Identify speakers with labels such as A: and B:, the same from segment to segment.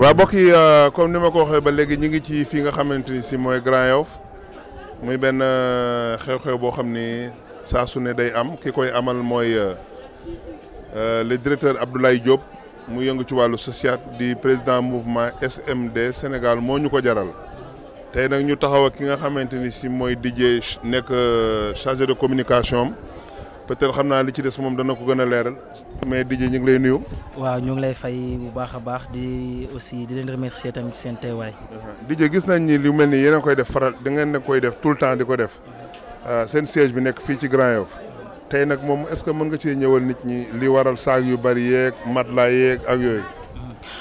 A: waaw mbokk yi euh, comme ni ma ko waxee ba léegi ñu ngi ci fii nga xamante ni si mooy Grand Yoff muy benn euh, xew-xew boo xam ni saa su ne day am ki koy amal mooy euh, le directeur Abdoulaye Diop mu yëngu ci wàllu social di président mouvement SMD Sénégal moo ñu ko jaral tey nag ñu taxaw ak ki nga xamante ni si mooy DJ nekk chargé de communication peut-être xam naa li ci des moom dana ko gën a leeral mais DJ ñu ngi lay nuyu.
B: waaw ñu ngi lay fay bu baax a baax di aussi di leen remercier tamit seen teewaay. DJ
A: gis nañ ni lu mel ni yéen a koy def faral da ngeen a koy def tout le temps di ko def euh, seen siège bi nekk fii ci Grand Yoff tey nag moom est-ce que mën nga cee ñëwal nit ñi li waral saag yu bari yeeg laa yeeg ak yooyu.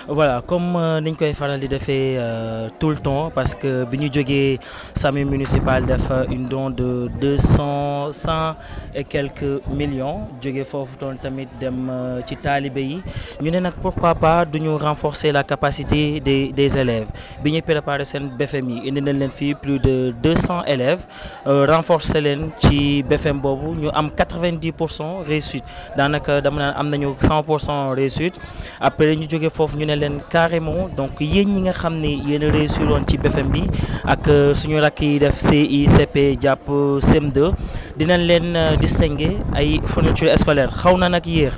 B: voilà comme euh, niñ koy faral di euh, tout le temps parce que biñu jogé samé municipal def une don de 200 100 et quelques millions jogé fofu ton tamit dem euh, ci talibé yi ñu né nak pourquoi pas duñu renforcer la capacité des, des élèves biñu préparer sen BFM yi indi nañ len fi plus de 200 élèves renforcer len ci BFM bobu ñu am 90% réussite Nous dama nañ am nañu 100% réussite après ñu jogé fofu ñu ne carrément donc yéen ñi nga xamné ne yéen a ci BFM bi ak euh, suñu rak yi def CI CP jàpp 2 euh, dinañ leen euh, distinguer ay fournitures scolaires xawna nak nag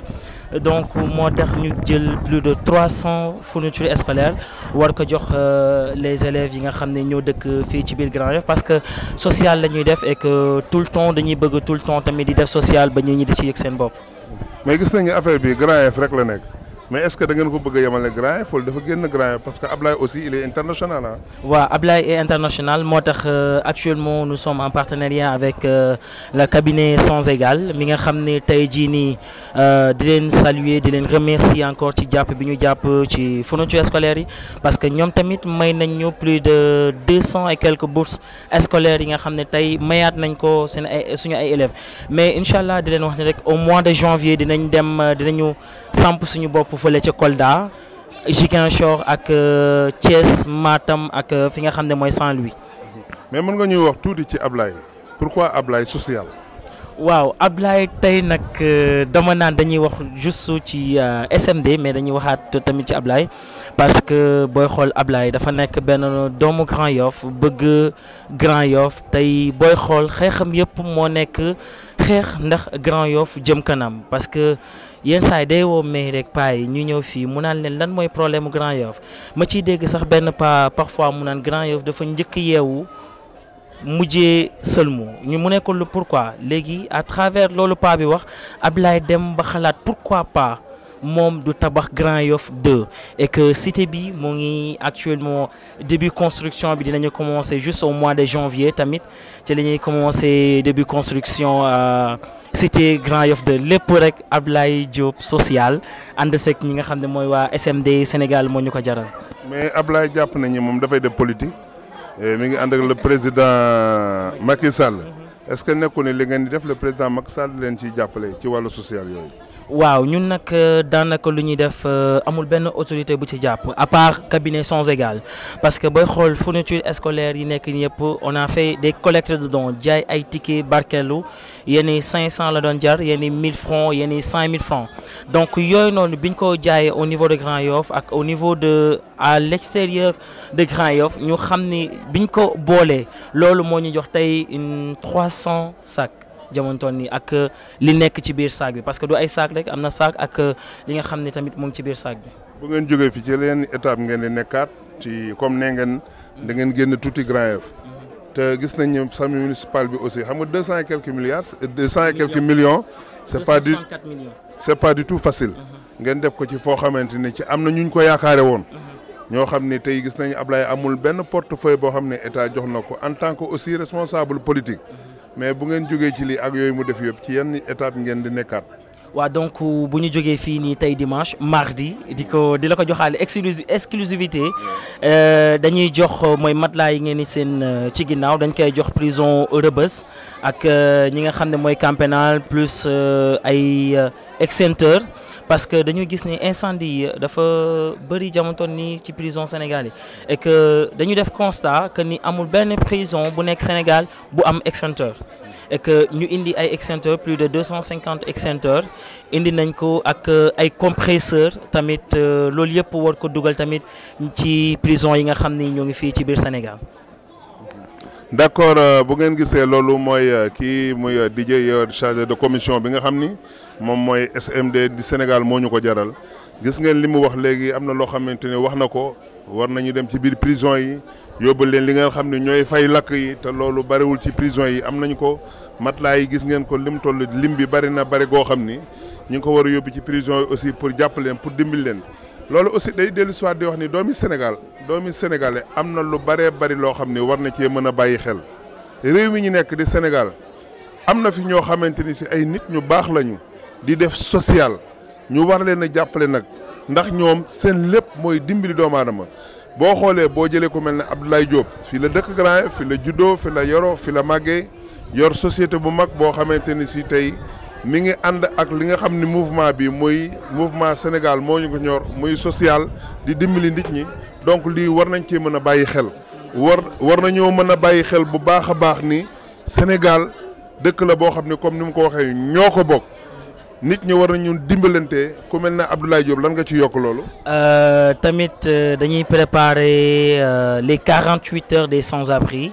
B: donc moo tax ñu jël plus de 300 fournitures scolaires war ko jox les élèves yi nga xamné ñoo dëkk fi ci bir Grand Yoff parce que social la ñuy def et que tout le temps dañuy bëgg tout le temps tamit di def social ba ñi ñi di ci yëg sen bop mais gis nañ affaire bi Grand Yoff rek la nek
A: mais est-ce que vous voulez ko bëgg ait Grand faut dafa génn Grand parce que aussi il est international Hein?
B: waaw Ablaye est international moi euh, actuellement nous sommes en partenariat avec euh, le cabinet Sans Égal mi nga xam ne tey jii euh, di saluer di remercier encore ci jàpp bi ñu ci fourniture scolaire parce que nous tamit may nañ ñu plus de 200 et quelques bourses scolaires yi nga xam ne tey mayaat nañ ko seen élèves mais Inch'Allah, di au mois de janvier nous dem dinañu samp suñu bopp ci Kolda ak euh, Matam ak euh, fi nga Saint-Louis. mais mën nga ñuy wax tout ci Ablaye pourquoi Ablaye social. waaw Ablaye tay nak euh, dama dañuy wax juste ci SMD mais dañuy waxat tamit ci Ablaye parce que boy xol Ablaye dafa nek ben doomu Grand Yoff bëgg Grand Yoff tay boy xol xexam mo nek xex ndax Grand Yoff jëm kanam parce que yenn saa day woo mais rek paa yi ñu ñëw fii mu naan leen lan mooy problème Grand Yoff ma ciy dégg sax benn pa parfois mu naan Grand Yoff dafa njëkk yeewu mujjee sëlmu ñu mu nekkul pourquoi léegi à travers loolu paa bi wax Ablaye dem ba xalaat pourquoi pas mom du tabac Grand Yoff 2 et que cité bi mu ngi actuellement début construction bi dinañu commencer juste au mois de janvier tamit ci la commencer début construction euh, cité Grand Yoff 2 lépp rek Ablay Diop social ànd seeg ñi nga xamné moy wa SMD Sénégal mo ñu ko jaral.
A: mais Ablaye jàpp nañu da fay de politique mi ngi ànd le président Macky Sall est-ce que nekkuni li ngeen di def le président Macky Sall len ci jappalé ci walu social
B: nous ñun avons euh, daanaka la def euh, amul autorité à part le cabinet sans égal parce que boy, fourniture scolaire on a fait des collectes de dons il ay ticket y 500 la y jar a 1000 francs a 5000 francs donc nous avons biñ au niveau de Grand Yoff à l'extérieur de Grand Yoff ñu a fait biñ ko 300 sacs. jamono toll nii ak euh, li nekk ci biir saak bi parce que du ay saak rek am na saak ak euh, li nga xam ne tamit mu ngi ci biir saak bi.
A: bu ngeen jógee fi ci yeneen étape ngeen di nekkaat ci comme neen ngeen. Mm-hmm. da ngeen génn tuuti Grand Yoff. Mm-hmm. te gis nañ ne sami municipal bi aussi xam nga deux cent et quelques milliards. Euh, deux cent et quelques millions. c'est pas du tout facile. Mm-hmm. ngeen def ko ci foo xamante ni ci am na ñu ñu ko yaakaare woon. ñoo xam ne tey gis nañu Ablaye amul benn portefeuille boo xam ne état jox na ko en tant que aussi responsable politique. mais bu ngeen jógee ci li ak yoy mu def yop ci yenn étape ngeen di nekkat
B: wa donc bu ñu jógee fii nii tey dimanche mardi di ko di la ko joxaale exclusivité euh, dañuy jox moy matla yi ngeen ni seen euh, ci ginnaw dañ koy jox prison rebeus ak euh, ñi nga xamné moy mooy camp pénal plus ay extincteur parce que dañu gis ni incendie dafa bëri jamontoon ni ci prison sénégalaise. et que dañu def constat que ni amul benn prison bu nek Sénégal bu am extincteur et que ñu indi ay extincteurs plus de 250 cent indi nañ ko ak euh, ay compresseurs tamit euh, lool yëpp war ko dugal tamit ci prison yi nga xamni ni ngi fi ci bir Sénégal
A: d' accord euh, bu ngeen gisee loolu mooy euh, kii muy euh, DJ chargé de commission bi nga xam ni moom mooy SMD di Sénégal moo ñu ko jaral gis ngeen li mu wax léegi am na loo xamante ne wax na ko war nañu dem ci biir prison yi yóbbal leen li nga xam ne ñooy fay lakk yi te loolu bariwul ci prison yi am nañu ko matelas yi gis ngeen ko lim toll lim bi bari na bari goo xam ni ñu ngi ko war a yóbbu ci prison yi aussi pour jàpp leen pour dimbali leen loolu aussi day dellu si waat wax ni doomi Sénégal. doomi sénégalais am na lu baree bari loo xam ni war na cee mën a bàyyi xel réew mi ñu nekk di Sénégal am na fi ñoo xamante ni si ay nit ñu baax lañu di def social ñu war leen a jàppale nag ndax ñoom seen lépp mooy dimbali doomu aadama boo xoolee boo jëlee ku mel ne Abdoulaye Diop fii la dëkk Grand fi la juddoo fi la yoroo fi la màggee yor société bu mag boo xamante ni si tey mi ngi ànd ak li nga xam ni mouvement bi muy mouvement Sénégal moo ñu ko ñor muy social di dimbali nit ñi. donc li war nañ ci mëna a xel war war nañu mëna a xel bu baax a baax ni Sénégal dëkk la boo xam ne comme ni mu ko waxee ñoo ko bokk nit ñi war nañu dimbalante ku mel ne Abdoulaye Diop lan nga ci yokk loolu.
B: Euh, tamit euh, dañuy préparer euh, les 48 heures des sans-abri.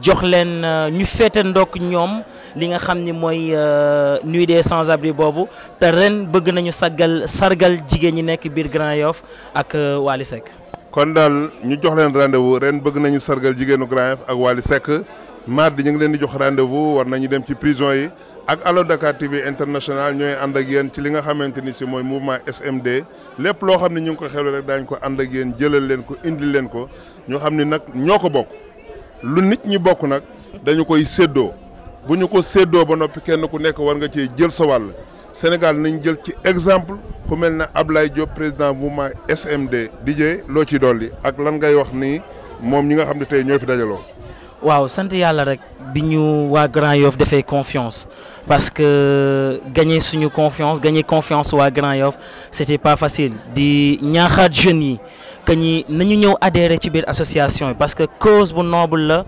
B: jox leen euh, ñu féete ndokk ñoom li nga xam ni mooy euh, nuit de sans abri boobu te ren bëgg nañu saggal sargal jigéen ñi nekk biir Grand Yoff ak euh, Wally sekk
A: kon daal ñu jox leen rendez-vous ren bëgg nañu sargal jigéenu Grand Yoff ak sekk Seck mardi ñu ngi leen di jox rendez-vous war nañu dem ci prison yi ak Allo Dakar TV international ñooy ànd ak yéen ci li nga xamante ni si mooy mouvement SMD lépp loo xam ne ñu ngi ko xewle rek daañu ko ànd ak yéen jëlal leen ko indil leen ko ñu xam ni nag ñoo ko bokk. lu nit ñi bokk nak dañu koy seddo buñu ko seddo ba nopi kenn ku nekk war nga ci jël sa wàll Sénégal nañu jël ci exemple ku mel ne Ablaye Diop président mouvement SMD dj loo ci dolli ak lan ngay wax ni moom ñi nga xam ne tey ñoo fi dajaloo.
B: waaw sant yàlla rek bi ñu waa Grand Yoff defee confiance parce que gagner suñu confiance gagner confiance waa Grand Yoff c'était pas facile di ñaaxaat jeunes yi que ñi nañu ñëw adhérer ci biir association parce que cause bu noble la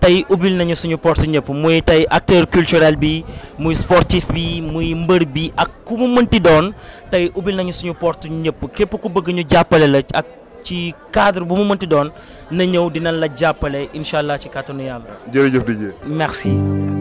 B: tey ubbil nañu suñu porte ñëpp muy tay acteur culturel bi muy sportif bi muy mbeur bi ak ku mu mënti doon tay ubbil nañu suñu porte ñëpp képp ku bëgg ñu jappalé la ak ci cadre bu mu mënti doon na ñëw dinañ la jappalé inshallah allah ci kàttanu yàlla.
A: jërëjëf Didier.
B: merci.